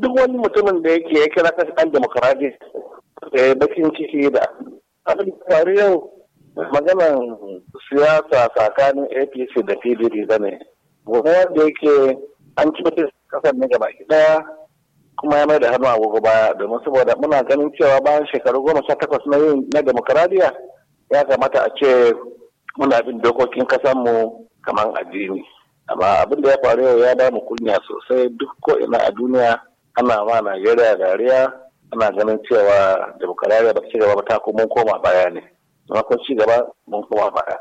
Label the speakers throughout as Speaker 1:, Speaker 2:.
Speaker 1: duk wani mutumin da yake ya kira kashi ɗan demokaradi eh, bakin ciki da abin faru yau maganan siyasa tsakanin apc da pdp da ne gobe wanda yake an ci mutum kasar ne gaba ɗaya kuma ya mai da hannu agogo baya domin saboda muna ganin cewa bayan shekaru goma sha takwas na yin na demokaradiya ya kamata a ce muna bin dokokin kasanmu kamar addini amma abin da ya faru yau ya damu kunya sosai duk ko ina a duniya ana ma najeriya dariya ana ganin cewa demokarariya ba ci gaba ta kuma koma baya ne amma kun ci gaba mun koma baya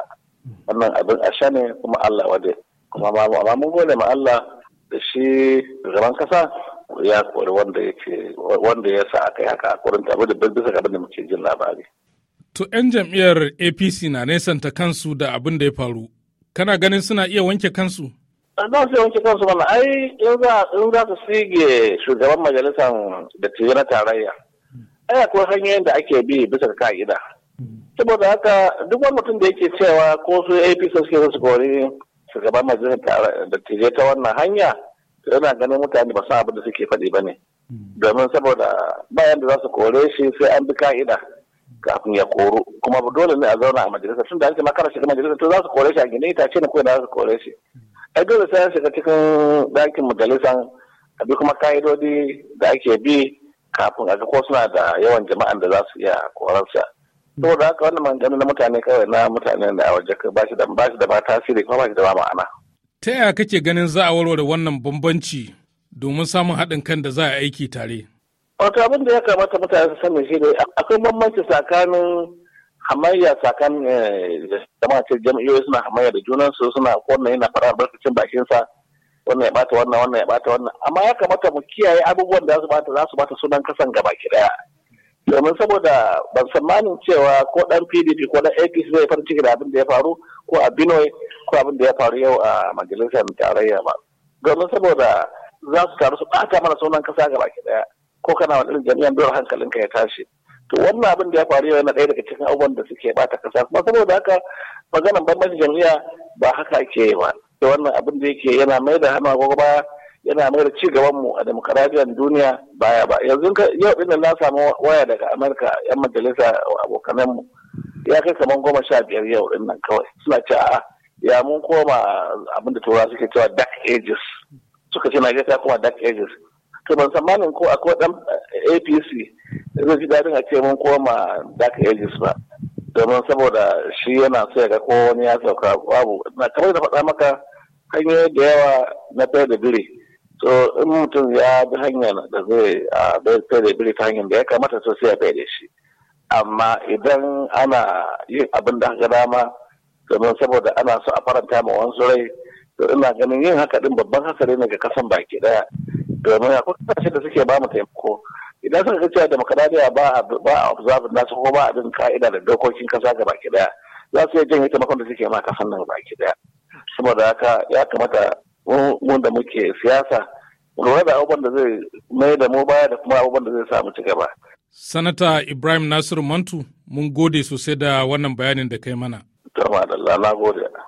Speaker 1: wannan abin a sha ne kuma allah wade kuma amma mun gode ma allah da shi gaban kasa ya kori wanda ce wanda ya sa aka yi haka a kurin tabi da bisa ga da muke jin labari.
Speaker 2: To 'yan jam'iyyar APC na nesanta kansu da abin da ya faru kana ganin suna iya wanke kansu
Speaker 1: ah, za su wanke kansu mana ai in za su sige shugaban majalisar da
Speaker 2: tiyo na tarayya
Speaker 1: ai akwai hanyoyin da ake bi bisa ka ka'ida saboda haka duk wani mutum da yake cewa ko su apc suke su kori shugaban majalisar da tiyo ta wannan hanya yana ganin mutane ba su abin da suke faɗi ba ne hmm. domin saboda bayan da za su kore shi sai an bi ka'ida kafin ya koro kuma dole ne a zauna a majalisa tun da ake makara shiga majalisa to za su kore shi a gine itace ne ko za su kore shi hmm. ai dole sai shiga cikin dakin majalisan a bi kuma ka'idodi da ake bi kafin a ga ko suna da yawan jama'an da za su iya korarsa hmm. saboda haka wannan maganganu na mutane kawai na mutane da a waje ba shi da ba da ba tasiri kuma ba shi da ba ma'ana
Speaker 2: ta yaya kake ganin za a warware wannan bambanci domin samun haɗin kan da za a aiki tare
Speaker 1: wato abin da ya kamata mutane su sani shi ne akwai bambanci tsakanin hamayya tsakanin eh, jama'a ce jam'iyyoyi suna hamayya da junansu suna wannan yana fara bakin bakinsa wannan ya bata wannan wannan ya bata wannan amma ya kamata mu kiyaye abubuwan da za su bata za su bata sunan kasan gaba ki daya domin saboda ban tsammanin cewa ko dan pdp ko dan apc zai farin ciki da abin da ya faru ko a binoy ko abin da ya faru yau a majalisar tarayya ba domin saboda za su taru su bata mana sunan kasa gaba ki daya ko kana wani jami'an dole hankalinka ya tashi to wannan abin da ya faru yana ɗaya daga cikin abubuwan da suke bata kasa kuma saboda haka maganan bambancin jami'a ba haka ake yi ba da wannan abin da yake yana mai da hana gwagwa yana mai da ci gaban mu a demokaradiyyar duniya baya ba yanzu yau ɗin na samu waya daga amurka yan majalisa abokanan mu ya kai kamar goma sha biyar yau ɗin nan kawai suna ce a'a ya mun koma abin da turawa suke cewa dark ages suka ce na kuma dark ages to ban tsammanin ko akwai dan eh, apc zai ji dadin a ce mun koma dark ages ba domin saboda shi yana so ya ga ko wani ya sauka babu na kamar da faɗa maka hanyoyi da yawa na fayar da biri so in mutum ya bi hanya da zai fayar da biri ta hanyar da ya kamata so sai ya fayar da shi amma idan ana yin abin da haka dama domin saboda ana so a faranta ma wani rai to ina ganin yin haka din babban hasari ne ga kasan baki daya domin akwai kasashen da suke ba mu taimako idan suka ga cewa demokaradiyya ba a ba a observe nasu ko ba a bin ka'ida da dokokin kasa ga baki daya za su iya janye taimakon da suke ma kasan nan baki daya saboda haka ya kamata mun da muke siyasa lura da abubuwan da zai mai da mu baya da kuma abubuwan da zai samu ci gaba.
Speaker 2: Sanata Ibrahim Nasiru Mantu mun gode sosai da wannan bayanin da kai mana.
Speaker 1: Tama da na gode.